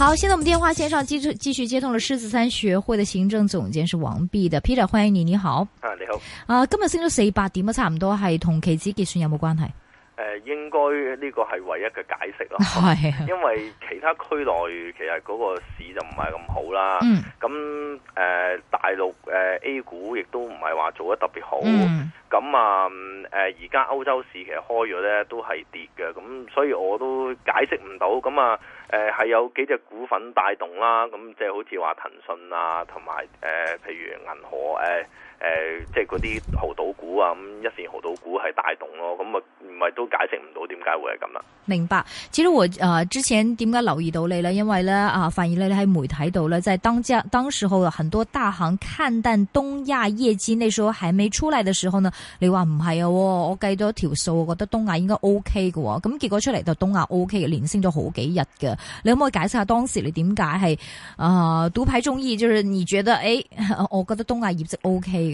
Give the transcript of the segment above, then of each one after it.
好，現在我們電話線上繼繼續接通了獅子山學會的行政總監是王弼的 Peter，歡迎你，你好。啊，你好。啊，今日升咗四百點，差唔多係同期指結算有冇關係？誒，應該呢個係唯一嘅解釋咯。係，因為其他區內其實嗰個市就唔係咁好啦。嗯。咁誒，大陸誒 A 股亦都唔係話做得特別好。嗯。咁啊，誒而家歐洲市其實開咗咧都係跌嘅，咁所以我都解釋唔到，咁啊。誒、呃，係有幾隻股份帶動啦，咁即係好似話騰訊啊，同埋誒，譬如銀河誒。呃誒、呃，即係嗰啲濠賭股啊，咁一線濠賭股係大動咯，咁啊唔係都解釋唔到點解會係咁啦。明白，其實我啊、呃、之前點解留意到你呢？因為咧啊，反你咧喺媒體度咧，即、就是、當家當時候，很多大行看淡東亞業績，呢時候係未出嚟嘅時候呢，你話唔係啊、哦？我計咗條數，我覺得東亞應該 OK 嘅喎、哦，咁結果出嚟就東亞 OK 嘅，連升咗好幾日嘅。你可唔可以解釋下當時你點解係啊獨排眾議？呃、就是你覺得誒、哎，我覺得東亞業績 OK。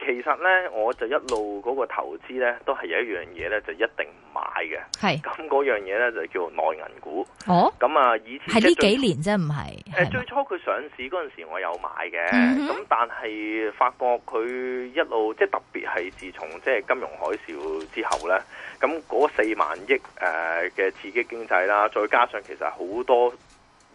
其實呢，我就一路嗰個投資呢都係有一樣嘢呢，就一定唔買嘅。係咁嗰樣嘢呢，就叫做內銀股。哦，咁啊，以前呢幾年啫，唔、呃、係。最初佢上市嗰陣時，我有買嘅。咁、嗯、但係發覺佢一路，即係特別係自從即係金融海嘯之後呢，咁嗰四萬億誒嘅刺激經濟啦，再加上其實好多。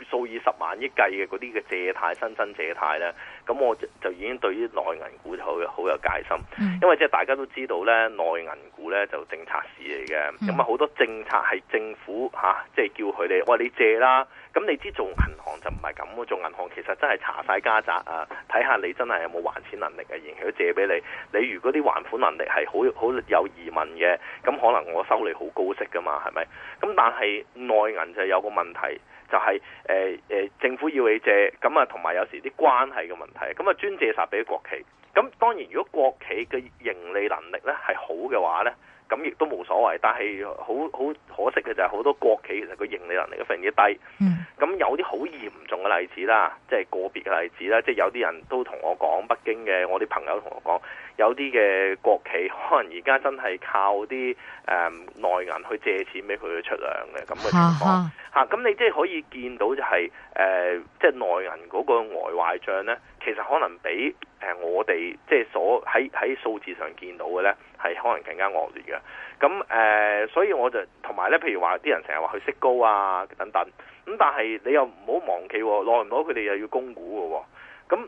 數以十萬億計嘅嗰啲嘅借貸、新新借貸咧，咁我就已經對於內銀股就好有好有戒心。嗯，因為即係大家都知道咧，內銀股咧就政策市嚟嘅，咁啊好多政策係政府嚇，即係叫佢哋喂，你借啦，咁你知道做銀行就唔係咁，做銀行其實真係查晒家宅啊，睇下你真係有冇還錢能力嘅，啊，然後借俾你。你如果啲還款能力係好好有疑問嘅，咁可能我收你好高息噶嘛，係咪？咁但係內銀就有個問題。就係誒誒，政府要你借，咁啊同埋有時啲關係嘅問題，咁啊專借曬俾國企。咁當然，如果國企嘅盈利能力咧係好嘅話咧。咁亦都冇所謂，但係好好可惜嘅就係好多國企其實佢盈利能力非常之低。咁、嗯、有啲好嚴重嘅例子啦，即、就、係、是、個別嘅例子啦，即、就、係、是、有啲人都同我講，北京嘅我啲朋友同我講，有啲嘅國企可能而家真係靠啲誒、嗯、內銀去借錢俾佢去出糧嘅咁嘅情況。咁、啊、你即係可以見到就係、是、誒，即、呃、係、就是、內銀嗰個外壞帳咧，其實可能比、呃、我哋即係所喺喺數字上見到嘅咧。係可能更加惡劣嘅，咁、呃、所以我就同埋咧，譬如話啲人成日話佢息高啊等等，咁但係你又唔好忘記、哦，耐唔耐佢哋又要供股嘅、哦，咁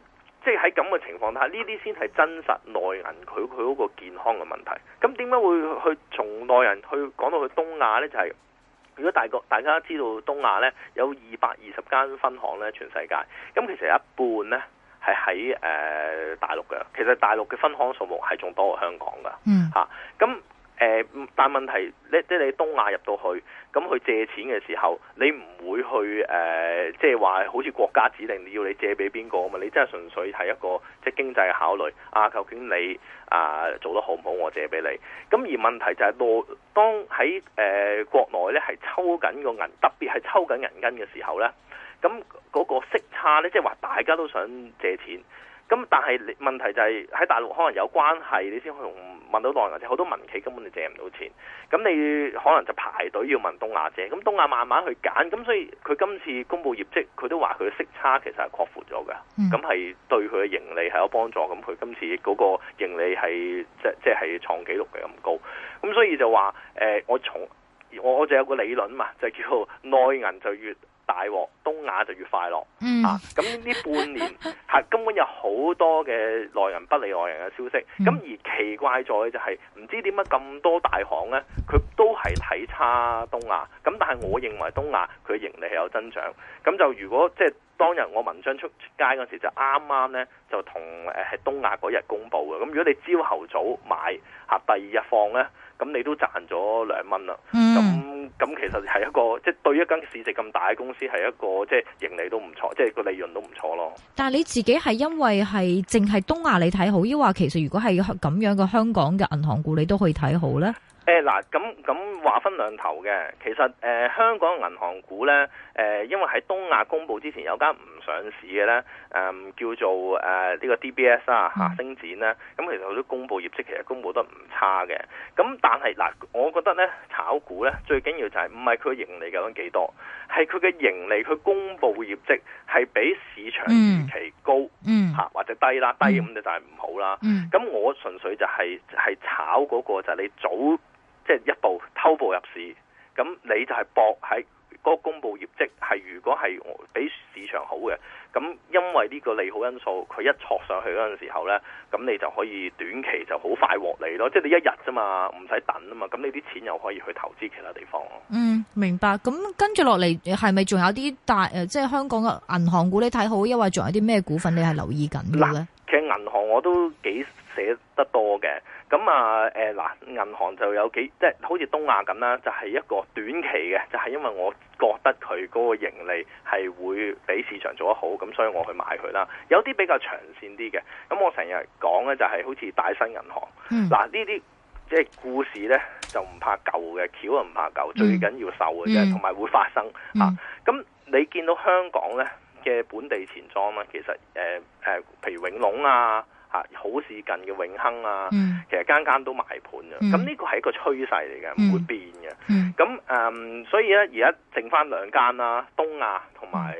即係喺咁嘅情況下，呢啲先係真實內銀，佢佢嗰個健康嘅問題。咁點解會去從內銀去講到去東亞呢？就係、是、如果大個大家知道東亞呢，有二百二十間分行呢，全世界，咁其實一半呢。係喺誒大陸嘅，其實大陸嘅分行數目係仲多過香港嘅，嚇、嗯。咁、啊、誒、呃，但問題，你即係你東亞入到去，咁佢借錢嘅時候，你唔會去誒，即係話好似國家指定你要你借俾邊個啊嘛？你真係純粹係一個即、即係、經濟嘅考慮啊！究竟你啊做得好唔好？我借俾你。咁而問題就係、是、內當喺誒、呃、國內咧，係抽緊個銀，特別係抽緊銀根嘅時候咧。咁嗰個息差咧，即係話大家都想借錢，咁但係問題就係喺大陸可能有關係你先可以問到內銀，好多民企根本就借唔到錢。咁你可能就排隊要問東亞借，咁東亞慢慢去揀。咁所以佢今次公布業績，佢都話佢嘅息差其實係擴闊咗嘅。咁係對佢嘅盈利係有幫助。咁佢今次嗰個盈利係即即係創紀錄嘅咁高。咁所以就話誒，我從我我就有個理論嘛，就叫內銀就越大鑊，東亞就越快樂。嗯，咁、啊、呢半年係、啊、根本有好多嘅內人不理外人嘅消息。咁、啊、而奇怪在嘅就係、是、唔知點解咁多大行咧，佢都係睇差東亞。咁、啊、但係我認為東亞佢盈利係有增長。咁就如果即係、就是、當日我文章出出街嗰時就啱啱咧就同誒係東亞嗰日公布嘅。咁、啊、如果你朝頭早買，吓、啊、第二日放咧，咁你都賺咗兩蚊啦。嗯啊其實係一個，即係對於一間市值咁大嘅公司係一個，即係盈利都唔錯，即係個利潤都唔錯咯。但係你自己係因為係淨係東亞你睇好，抑或其實如果係咁樣嘅香港嘅銀行股，你都可以睇好呢？誒、欸、嗱，咁咁話分兩頭嘅，其實、呃、香港銀行股咧、呃，因為喺東亞公布之前有間唔上市嘅咧、呃，叫做誒呢、呃呢個 DBS 啊，星展咧、啊，咁、嗯、其實好多公布業績，其實公布得唔差嘅。咁但係嗱、呃，我覺得咧，炒股咧最緊要就係唔係佢盈利究竟幾多。係佢嘅盈利，佢公佈業績係比市場預期高，吓、嗯、或者低啦，低咁就係唔好啦。咁、嗯、我純粹就係、是、係炒嗰個就係你早即係、就是、一步偷步入市，咁你就係博喺嗰個公佈業績係如果係比市場好嘅。咁因為呢個利好因素，佢一戳上去嗰陣時候呢，咁你就可以短期就好快獲利咯。即係你一日啫嘛，唔使等啊嘛，咁你啲錢又可以去投資其他地方咯。嗯，明白。咁跟住落嚟係咪仲有啲大誒，即係香港嘅銀行股你睇好，因為仲有啲咩股份你係留意緊嘅呢？其實銀行我都幾寫得多嘅。咁啊，誒、呃、嗱，銀行就有幾，即係好似東亞咁啦，就係、是、一個短期嘅，就係、是、因為我覺得佢嗰個盈利係會比市場做得好，咁所以我去買佢啦。有啲比較長線啲嘅，咁我成日講咧就係好似大新銀行，嗱呢啲即係故事咧就唔怕舊嘅，橋又唔怕舊、嗯，最緊要受嘅啫，同、嗯、埋會發生嚇。咁、嗯啊、你見到香港咧嘅本地錢莊啦，其實誒、呃呃、譬如永隆啊。啊、好事近嘅永亨啊、嗯，其實間間都賣盤啊。咁、嗯、呢個係一個趨勢嚟嘅，唔、嗯、會變嘅。咁、嗯、誒、嗯嗯，所以咧而家剩翻兩間啦，東亞同埋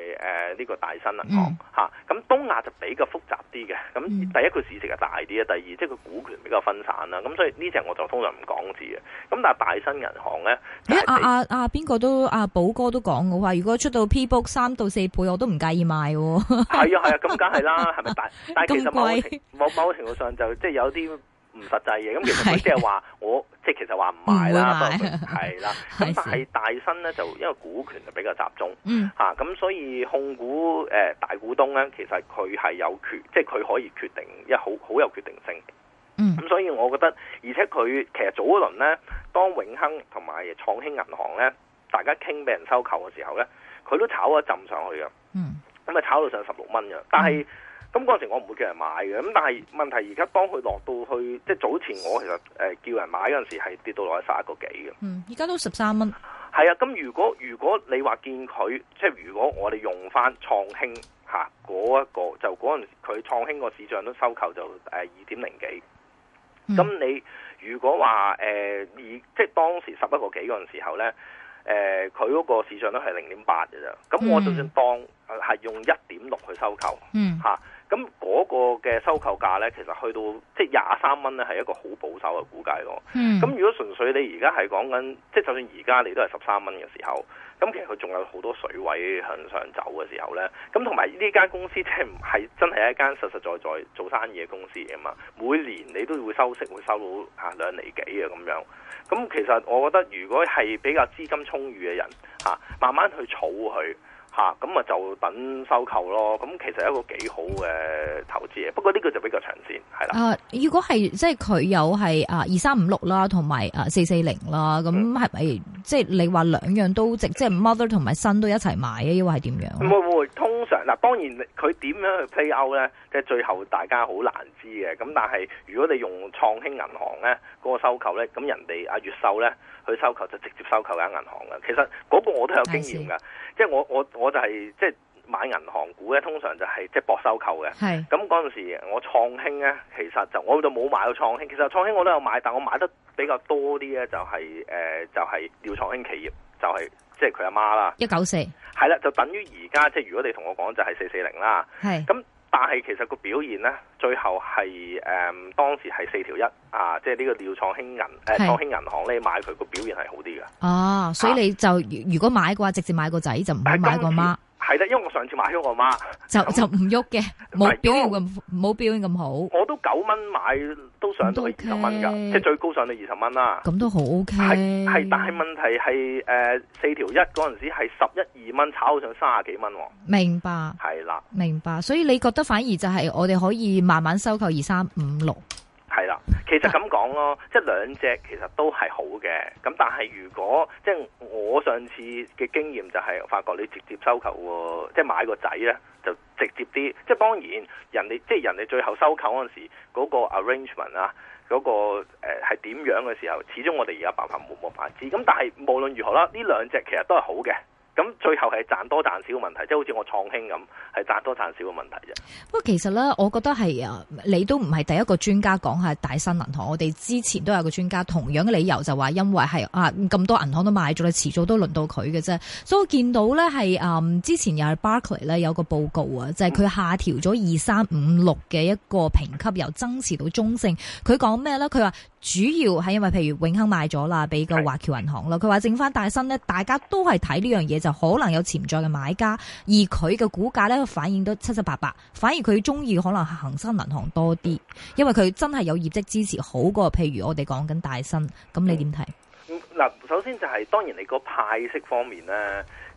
呢個大新銀行嚇。咁、嗯啊、東亞就比較複雜啲嘅，咁、嗯嗯、第一個市值就大啲啊，第二即係佢股權比較分散啦。咁所以呢隻我就通常唔講字嘅。咁但係大新銀行咧、欸，啊阿阿邊個都阿、啊、寶哥都講嘅話，如果出到 P book 三到四倍，我都唔介意賣喎、哦。係啊係啊，咁梗係啦，係咪大？啊、但其實我某程度上就即係有啲唔實際嘅，咁其實佢即係話我即係其實話唔賣啦，係啦。咁 但係大新咧就因為股權就比較集中，嗯，嚇、啊、咁所以控股誒、呃、大股東咧，其實佢係有決，即係佢可以決定一好好有決定性。嗯，咁所以我覺得，而且佢其實早一輪咧，當永亨同埋創興銀行咧，大家傾俾人收購嘅時候咧，佢都炒咗浸上去嘅，嗯，咁啊炒到上十六蚊嘅，但係。嗯咁嗰陣時我唔會叫人買嘅，咁但係問題而家當佢落到去，即係早前我其實誒叫人買嗰陣時係跌到落去十一個幾嘅。嗯，而家都十三蚊。係啊，咁如果如果你話見佢，即係如果我哋用翻創興嗰、啊、一個，就嗰陣佢創興個市場都收購就誒二點零幾。咁、嗯、你如果話二、呃，即係當時十一個幾嗰陣時候咧，佢、呃、嗰個市場都係零點八嘅啫。咁我就算當係、嗯、用一點六去收購，啊、嗯咁、那、嗰個嘅收購價呢，其實去到即係廿三蚊呢，係一個好保守嘅估計咯。咁、嗯、如果純粹你而家係講緊，即係就算而家你都係十三蚊嘅時候，咁其實佢仲有好多水位向上走嘅時候呢。咁同埋呢間公司即係唔係真係一間實實在在做生意嘅公司啊嘛。每年你都會收息，會收到啊兩厘幾啊咁樣。咁其實我覺得，如果係比較資金充裕嘅人、啊、慢慢去儲佢。嚇、啊，咁啊就等收購咯。咁其實一個幾好嘅投資嘅，不過呢個就比較長線，係啦。啊，如果係即係佢有係啊二三五六啦，同埋啊四四零啦，咁係咪即係你話兩樣都值？即係 mother 同埋新都一齊買咧？抑或係點樣？唔會唔會，通常嗱、啊，當然佢點樣去 play out 咧，即係最後大家好難知嘅。咁但係如果你用創興銀行咧、嗰個收購咧，咁人哋阿越秀咧去收購就直接收購間銀行嘅。其實嗰個我都有經驗㗎，即係我我。我我就係即係買銀行股咧，通常就係即係博收購嘅。係咁嗰陣時，我創興咧，其實就我就冇買到創興。其實創興我都有買，但我買得比較多啲咧，就是呃，就係誒，就係廖創興企業，就係即係佢阿媽啦。一九四係啦，就等於而家即係如果你同我講就係四四零啦。係咁。但係其實個表現咧，最後係誒、嗯、當時係四條一啊，即係呢個廖創興銀誒創興銀行咧買佢個表現係好啲嘅。啊，所以你就如果買嘅話，直接買個仔就唔買個媽。係啦，因為我上次買咗我媽，就就唔喐嘅，冇表現咁冇表現咁好。我都九蚊買，都上到去二十蚊噶，okay, 即係最高上到二十蚊啦。咁都好 O K。係，但係問題係誒，四條一嗰陣時係十一二蚊炒上三十幾蚊。明白。係啦，明白。所以你覺得反而就係我哋可以慢慢收購二三五六。係啦，其實咁講咯，即係兩隻其實都係好嘅。咁但係如果即係我上次嘅經驗就係、是、發覺你直接收購喎，即係買個仔呢，就直接啲。即係當然人哋即係人哋最後收購嗰陣時嗰、那個 arrangement 啊，嗰、那個誒係點樣嘅時候，始終我哋而家辦法冇冇法知。咁但係無論如何啦，呢兩隻其實都係好嘅。咁最後係賺多賺少嘅問題，即係好似我創興咁係賺多賺少嘅問題啫。不過其實咧，我覺得係啊，你都唔係第一個專家講下大新銀行。我哋之前都有個專家同樣嘅理由，就話因為係啊咁多銀行都賣咗，你遲早都輪到佢嘅啫。所以我見到咧係啊，之前又係 Barclay 咧有，Barkley 有個報告啊，就係佢下調咗二三五六嘅一個評級，由增持到中性。佢講咩咧？佢話主要係因為譬如永亨賣咗啦，俾個華僑銀行啦。佢話剩翻大新咧，大家都係睇呢樣嘢。就可能有潛在嘅買家，而佢嘅股價呢，反映都七七八八，反而佢中意可能恒生銀行多啲，因為佢真係有業績支持好過，譬如我哋講緊大新，咁你點睇？嗯嗱，首先就係當然你個派息方面咧，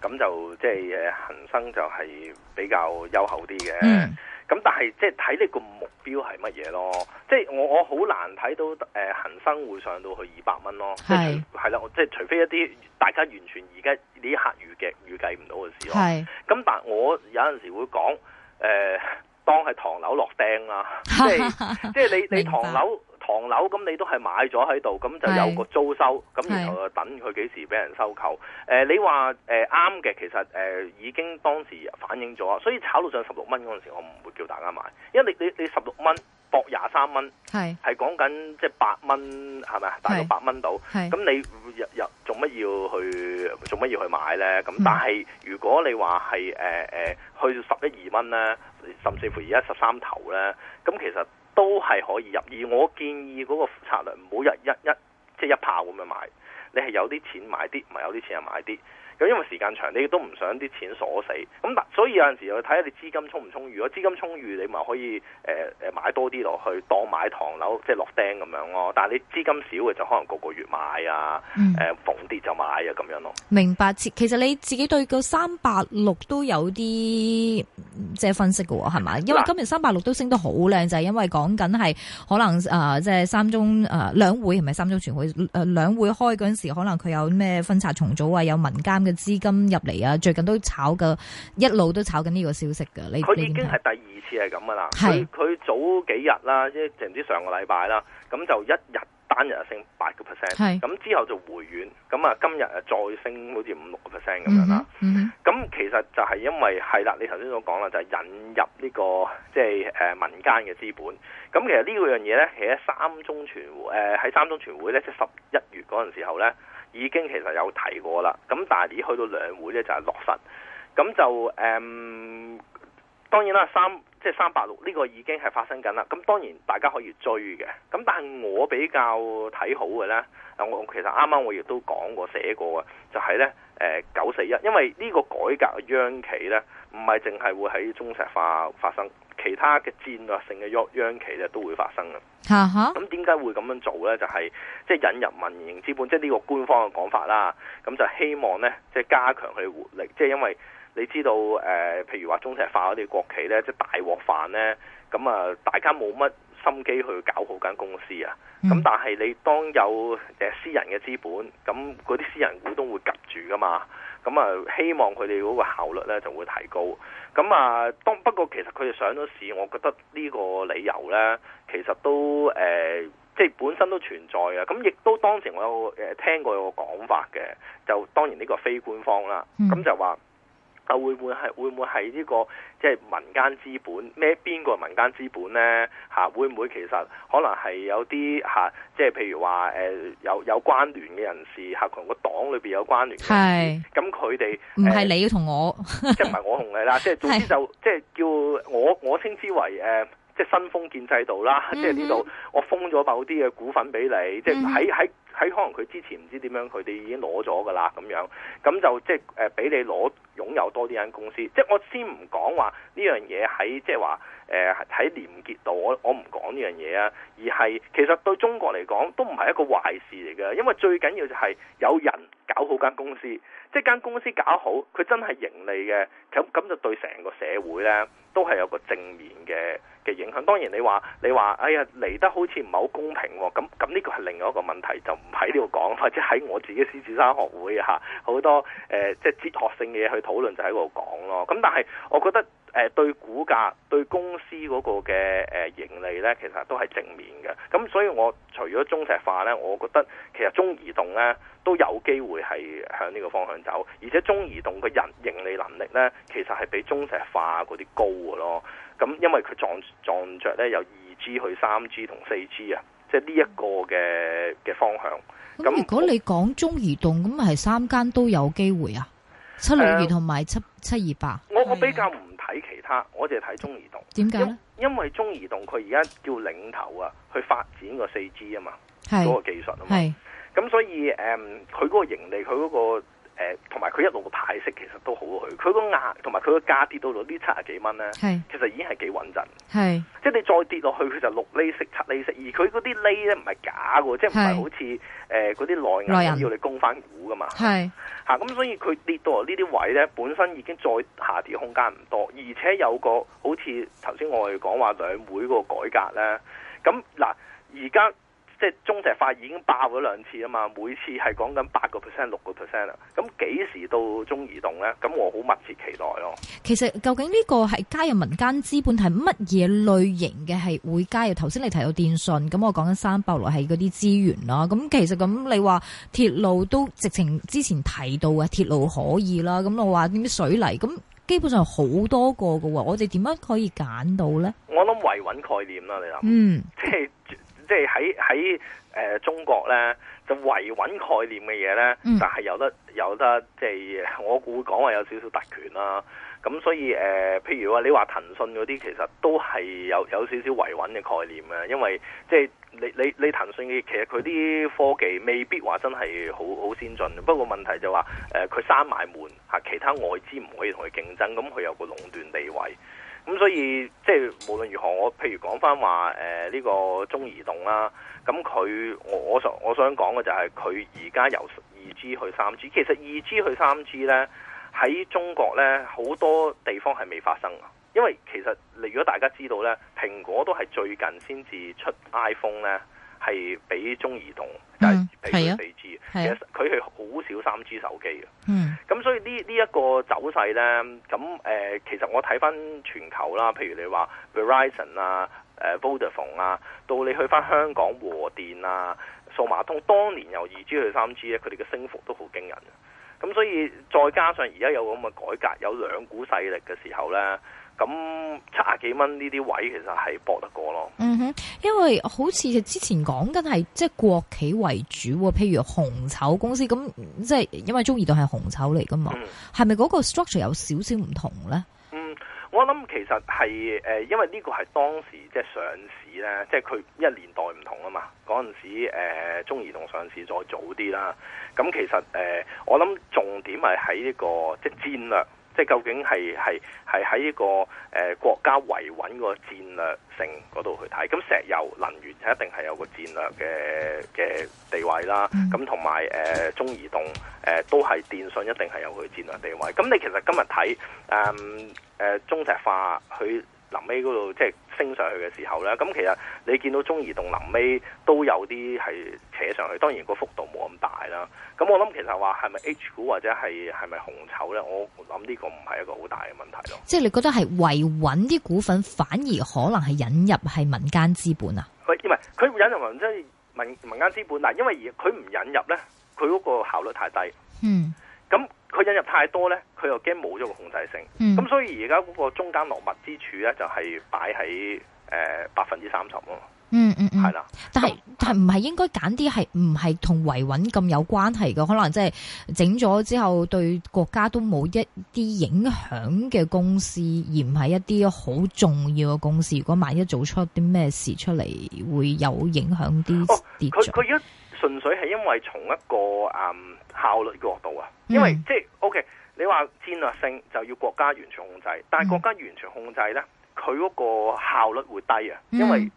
咁就即係誒恆生就係比較優厚啲嘅。咁、嗯、但係即係睇你個目標係乜嘢咯？即、就、係、是、我我好難睇到誒、呃、恆生會上到去二百蚊咯。係係啦，即、就、係、是就是、除非一啲大家完全而家呢一刻預計預計唔到嘅事咯。係咁，但係我有陣時會講誒、呃，當係唐樓落釘啦，即係即係你你唐樓。唐樓咁你都係買咗喺度，咁就有個租收，咁然後等佢幾時俾人收購。誒、呃，你話誒啱嘅，其實誒、呃、已經當時反映咗，所以炒到上十六蚊嗰陣時，我唔會叫大家買，因為你你你十六蚊博廿三蚊，係係講緊即係八蚊係咪啊？大概八蚊到，咁你日日做乜要去做乜要去買咧？咁但係、嗯、如果你話係誒誒去到十一二蚊咧，甚至乎而家十三頭咧，咁其實，都係可以入，而我建議嗰個策略唔好入一一，即係一炮咁樣買。你係有啲錢買啲，唔係有啲錢就買啲。咁因為時間長，你都唔想啲錢鎖死。咁但所以有陣時又睇下你資金充唔充裕。如果資金充裕，你咪可以、呃、買多啲落去當買唐樓，即係落釘咁樣咯。但係你資金少嘅就可能個個月買啊，誒、嗯呃、逢跌就買啊咁樣咯。明白。其實你自己對個三八六都有啲即係分析嘅喎，係咪？因為今年三八六都升得好靚，就係、是、因為講緊係可能即係、呃就是、三中、呃、兩會係咪三中全會、呃、兩會開嗰陣時，可能佢有咩分拆重組啊，有民間嘅資金入嚟啊，最近都炒㗎，一路都炒緊呢個消息㗎。佢已經係第二次係咁㗎啦。係，佢早幾日啦，即係唔知上個禮拜啦，咁就一日單日升八個 percent。係咁之後就回軟，咁啊今日啊再升好似五六個 percent 咁樣啦。咁、嗯嗯、其實就係因為係啦，你頭先所講啦，就係、是、引入呢、這個即係誒民間嘅資本。咁其實呢個樣嘢咧，喺三中全會誒喺三中全會咧，即係十一月嗰陣時候咧。已經其實有提過啦，咁但係而去到兩會咧就係落實，咁就誒、嗯、當然啦，三即係三八六呢個已經係發生緊啦，咁當然大家可以追嘅，咁但係我比較睇好嘅呢，我其實啱啱我亦都講過寫過嘅，就係呢誒九四一，因為呢個改革央企呢唔係淨係會喺中石化發生。其他嘅戰略性嘅央、央企咧都會發生嘅，咁點解會咁樣做呢？就係即係引入民營資本，即係呢個官方嘅講法啦。咁就希望呢，即係加強佢活力，即係因為你知道誒、呃，譬如話中石化嗰啲國企呢，即係大鍋飯呢，咁、嗯、啊，大家冇乜心機去搞好間公司啊，咁但係你當有誒私人嘅資本，咁嗰啲私人股東會夾住噶嘛，咁啊希望佢哋嗰個效率呢就會提高，咁啊當不過其實佢哋上咗市，我覺得呢個理由呢，其實都誒、呃、即係本身都存在嘅，咁亦都當時我有誒聽過有個講法嘅，就當然呢個非官方啦，咁就話。啊會唔會係會唔會呢、這個即係、就是、民間資本咩？邊個係民間資本咧嚇、啊？會唔會其實可能係有啲即係譬如話、呃、有有關聯嘅人士嚇，同個黨裏面有關聯嘅？咁佢哋唔係你同我，即係唔係我同你啦？即 係總之就即係、就是、叫我我稱之為誒即係新封建制度啦，即係呢度我封咗某啲嘅股份俾你，即係喺喺。 喺可能佢之前唔知點樣，佢哋已經攞咗噶啦，咁樣，咁就即係誒俾你攞擁有多啲間公司，即係我先唔講話呢樣嘢喺即係話，誒、呃、喺廉潔度，我我唔講呢樣嘢啊，而係其實對中國嚟講都唔係一個壞事嚟嘅，因為最緊要就係有人搞好間公司，即係間公司搞好，佢真係盈利嘅，咁咁就對成個社會咧都係有個正面嘅。嘅影響，當然你話你話，哎呀嚟得好似唔係好公平喎、哦，咁咁呢個係另外一個問題，就唔喺呢度講，或者喺我自己獅子山學會呀，好多、呃、即係哲學性嘅嘢去討論，就喺度講咯。咁但係我覺得誒、呃、對股價、對公司嗰個嘅盈利呢，其實都係正面嘅。咁所以我除咗中石化呢，我覺得其實中移動呢都有機會係向呢個方向走，而且中移動嘅人盈利能力呢，其實係比中石化嗰啲高嘅咯。咁因為佢撞撞着呢，咧，由二 G 去三 G 同四 G 啊，即係呢一個嘅嘅方向。咁如果你講中移動，咁係三間都有機會啊，七六二同埋七七二八。我我比較唔睇其他，uh, 我淨係睇中移動。點解呢？因為中移動佢而家叫領頭啊，去發展個四 G 啊嘛，嗰、嗰個技術啊嘛。咁所以誒，佢、um, 嗰個盈利，佢嗰、嗰個。誒、呃，同埋佢一路嘅派息其實都好過佢，佢個壓同埋佢個價跌到到呢七十幾蚊咧，其實已經係幾穩陣。即係你再跌落去，佢就六厘息七厘息，而佢嗰啲厘咧唔係假㗎喎，即係唔係好似誒嗰啲內銀要你供翻股㗎嘛。咁、啊、所以佢跌到呢啲位咧，本身已經再下跌空間唔多，而且有個好似頭先我哋講話兩會個改革咧，咁嗱而家。啊。即係中石化已經爆咗兩次啊嘛，每次係講緊八個 percent、六個 percent 啊。咁幾時到中移動咧？咁我好密切期待咯。其實究竟呢個係加入民間資本係乜嘢類型嘅？係會加入？頭先你提到電訊，咁我講緊三百六，係嗰啲資源啦。咁其實咁你話鐵路都直情之前提到嘅鐵路可以啦。咁我話點啲水泥，咁基本上好多個噶。我哋點樣可以揀到咧？我諗維穩概念啦，你諗？嗯，即係。即係喺喺誒中國咧，就維穩概念嘅嘢咧，但係有得有得，即係我估講話有少少特權啦、啊。咁所以誒、呃，譬如話你話騰訊嗰啲，其實都係有有少少維穩嘅概念啊。因為即係你你你騰訊嘅，其實佢啲科技未必話真係好好先進。不過問題就話誒，佢閂埋門嚇，其他外資唔可以同佢競爭，咁佢有個壟斷地位。咁所以即係無論如何，我譬如講翻話誒呢個中移動啦，咁佢我我，我想我想講嘅就係佢而家由二 G 去三 G，其實二 G 去三 G 咧喺中國咧好多地方係未發生嘅，因為其實你如果大家知道咧，蘋果都係最近先至出 iPhone 咧。係比中移動，但係比翻四 G，其實佢係好少三 G 手機嘅。嗯，咁所以呢呢一個走勢咧，咁誒、呃，其實我睇翻全球啦，譬如你話 Verizon 啊、誒、呃、Vodafone 啊，到你去翻香港和電啊、數碼通，當年由二 G 去三 G 咧，佢哋嘅升幅都好驚人。咁所以再加上而家有咁嘅改革，有兩股勢力嘅時候咧。咁七廿幾蚊呢啲位其實係搏得過咯。嗯哼，因為好似之前講緊係即係國企為主喎，譬如紅籌公司，咁即係因為中移動係紅籌嚟噶嘛，係咪嗰個 structure 有少少唔同咧？嗯，我諗其實係誒，因為呢個係當時即係上市咧，即係佢一年代唔同啊嘛。嗰陣時誒中移動上市再早啲啦，咁其實誒、呃、我諗重點係喺呢個即係戰略。即究竟係係係喺呢個誒、呃、國家維穩個戰略性嗰度去睇，咁石油能源一定係有個戰略嘅嘅地位啦。咁同埋誒中移動誒、呃、都係電信一定係有佢戰略地位。咁你其實今日睇誒誒中石化佢。臨尾嗰度即係升上去嘅時候咧，咁其實你見到中移動臨尾都有啲係扯上去，當然個幅度冇咁大啦。咁我諗其實話係咪 H 股或者係係咪紅籌咧，我諗呢個唔係一個好大嘅問題咯。即係你覺得係維穩啲股份反而可能係引入係民間資本啊？唔係，佢引入民即係民民間資本，嗱，因為而佢唔引入咧，佢嗰個效率太低。嗯，咁。佢引入太多咧，佢又驚冇咗個控制性。咁、嗯、所以而家嗰個中間落墨之處咧，就係擺喺誒百分之三十咯。嗯嗯嗯，係、嗯、啦、嗯。但係係唔係應該揀啲係唔係同維穩咁有關係嘅？可能即係整咗之後，對國家都冇一啲影響嘅公司，而唔係一啲好重要嘅公司。如果萬一做出啲咩事出嚟，會有影響啲跌。哦純粹係因為從一個、嗯、效率嘅角度啊，因為、嗯、即係 OK，你話戰略性就要國家完全控制，但係國家完全控制呢，佢、嗯、嗰個效率會低啊，因為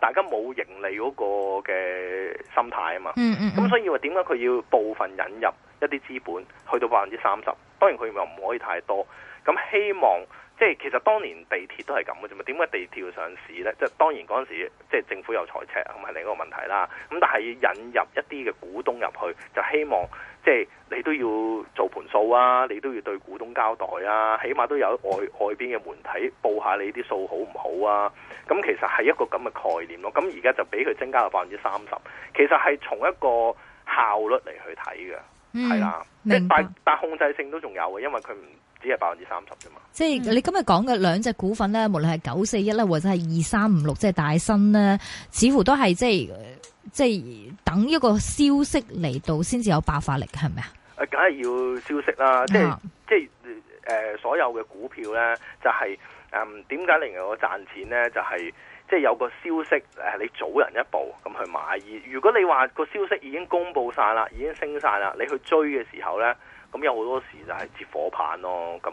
大家冇盈利嗰個嘅心態啊嘛，咁、嗯嗯嗯、所以話點解佢要部分引入一啲資本去到百分之三十，當然佢又唔可以太多，咁希望。即係其實當年地鐵都係咁嘅啫嘛，點解地鐵要上市咧？即係當然嗰陣時，即係政府有財赤，咁係另一個問題啦。咁但係引入一啲嘅股東入去，就希望即係、就是、你都要做盤數啊，你都要對股東交代啊，起碼都有外外邊嘅媒體報一下你啲數好唔好啊。咁其實係一個咁嘅概念咯。咁而家就俾佢增加到百分之三十，其實係從一個效率嚟去睇嘅，係、嗯、啦，但但控制性都仲有嘅，因為佢唔。只係百分之三十啫嘛，即係你今日講嘅兩隻股份咧，無論係九四一咧，或者係二三五六，即係大新咧，似乎都係即係即係等一個消息嚟到先至有爆發力，係咪啊？誒、呃，梗係要消息啦，即係、啊、即係誒、呃，所有嘅股票咧，就係、是、誒，點解令我賺錢咧？就係、是、即係有個消息誒、呃，你早人一步咁去買。如果你話個消息已經公布晒啦，已經升晒啦，你去追嘅時候咧？咁有好多時就係接火棒咯，咁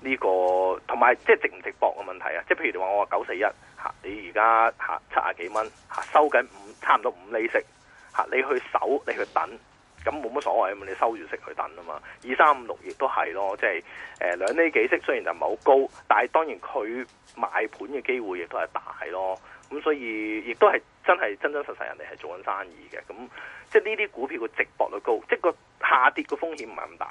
呢個同埋即係值唔值博嘅問題啊。即係譬如你話我話九四一吓，你而家七啊幾蚊收緊五差唔多五厘息，你去守你去等，咁冇乜所謂啊嘛，你收住息去等啊嘛，二三五六亦都係咯，即係誒兩厘幾息雖然就唔係好高，但係當然佢買盤嘅機會亦都係大咯，咁所以亦都係真係真真實實人哋係做緊生意嘅咁。即係呢啲股票嘅值博率高，即係個下跌嘅風險唔係咁大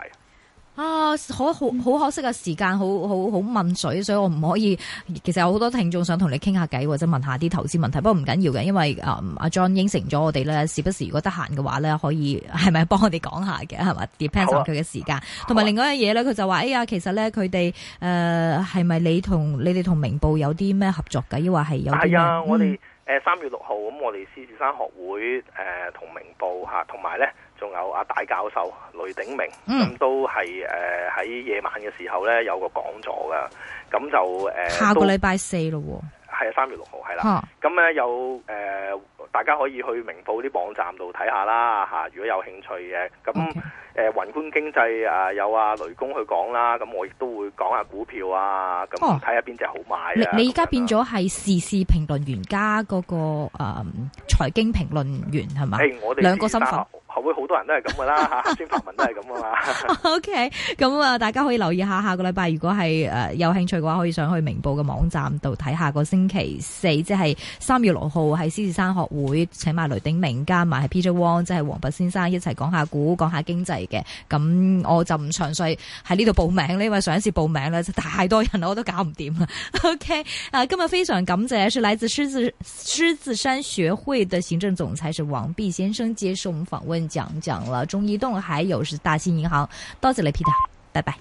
啊！可好好可惜啊，時間好好好問水，所以我唔可以。其實有好多聽眾想同你傾下偈或者問下啲投資問題，不過唔緊要嘅，因為啊阿、嗯、John 應承咗我哋咧，時不時如果得閒嘅話咧，可以係咪幫我哋講下嘅係嘛？Depends on 佢嘅、啊、時間。同埋、啊、另外一樣嘢咧，佢就話：哎呀，其實咧佢哋誒係咪你同你哋同明報有啲咩合作嘅？抑或係有啲哋。哎呀我三、呃、月六號咁，我哋獅子山學會誒同明報吓，同、啊、埋呢仲有阿大教授雷鼎鳴咁、嗯、都係誒喺夜晚嘅時候呢有個講座噶，咁就誒、呃、下個禮拜四咯。係啊，三月六號係啦，咁咧有誒，大家可以去明報啲網站度睇下啦，吓，如果有興趣嘅，咁誒宏觀經濟啊有啊，雷公去講啦，咁我亦都會講下股票啊，咁睇下邊隻好買。啦、哦、你而家變咗係時事評論員加嗰、那個誒財、嗯、經評論員係咪誒，我哋兩個身份。後會好多人都係咁噶啦，先 法文都係咁噶啦 O K，咁啊，大家可以留意下下個禮拜，如果係誒有興趣嘅話，可以上去明報嘅網站度睇下。個星期四即係三月六號喺獅子山學會，請埋雷鼎明加埋係 Peter Wong，即係王弼先生一齊講一下股，講下經濟嘅。咁、嗯、我就唔詳細喺呢度報名，因為上一次報名啦太多人啦，我都搞唔掂啦。O K，啊，今日非常感謝，是來自獅子獅子山學會嘅行政總裁，是王弼先生接受訪問。講講了，中移動還有是大新銀行，到這裏，皮特，拜拜。